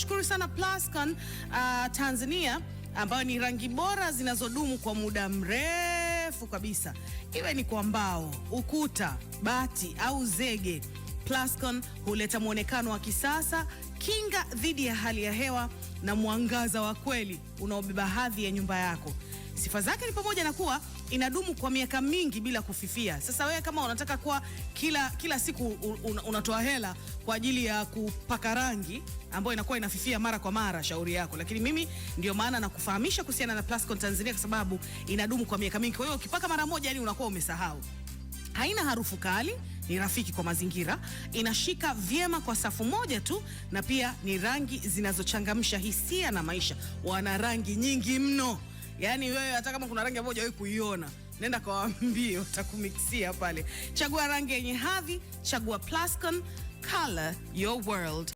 tunashukuru sana Plascon uh, Tanzania ambayo ni rangi bora zinazodumu kwa muda mrefu kabisa, iwe ni kwa mbao, ukuta, bati au zege. Plascon huleta mwonekano wa kisasa, kinga dhidi ya hali ya hewa na mwangaza wa kweli unaobeba hadhi ya nyumba yako. Sifa zake ni pamoja na kuwa inadumu kwa miaka mingi bila kufifia. Sasa wewe kama unataka kuwa kila, kila siku un, unatoa hela kwa ajili ya kupaka rangi ambayo inakuwa inafifia mara kwa mara, shauri yako. Lakini mimi ndio maana nakufahamisha kuhusiana na Plascon Tanzania kwa sababu inadumu kwa miaka mingi. Kwa hiyo ukipaka mara moja, yani unakuwa umesahau. Haina harufu kali ni rafiki kwa mazingira, inashika vyema kwa safu moja tu, na pia ni rangi zinazochangamsha hisia na maisha. Wana rangi nyingi mno, yaani wewe hata kama kuna rangi ambayo hujawahi kuiona nenda kawaambie, watakumiksia pale. Chagua rangi yenye hadhi, chagua Plascon, color your world.